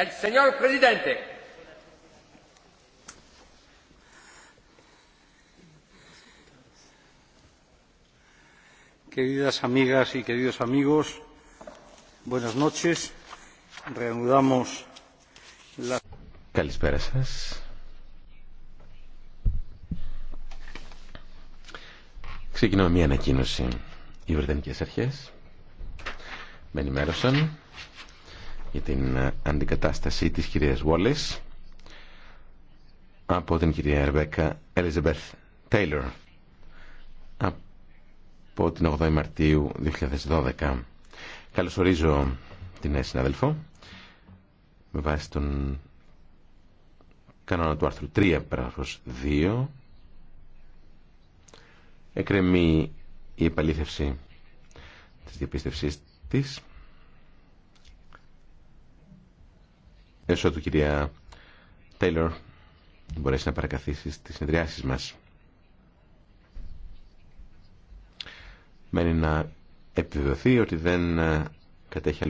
El señor presidente. Queridas amigas y queridos amigos, buenas noches. Reanudamos la. Καλησπέρα σας. Ξεκινώ μια ανακοίνωση. Οι Βρετανικές Αρχές με ενημέρωσαν για την ε, αντικατάσταση της κυρίας Wallace από την κυρία Ερβέκα Elizabeth Taylor από την 8η Μαρτίου 2012. Καλωσορίζω την νέα συνάδελφο με βάση τον κανόνα του άρθρου 3 παράγραφος 2 εκρεμεί η επαλήθευση της διαπίστευσης της Έσω του κυρία Τέιλορ μπορέσει να παρακαθίσει στις συνεδριάσεις μας. Μένει να επιβεβαιωθεί ότι δεν ε, κατέχει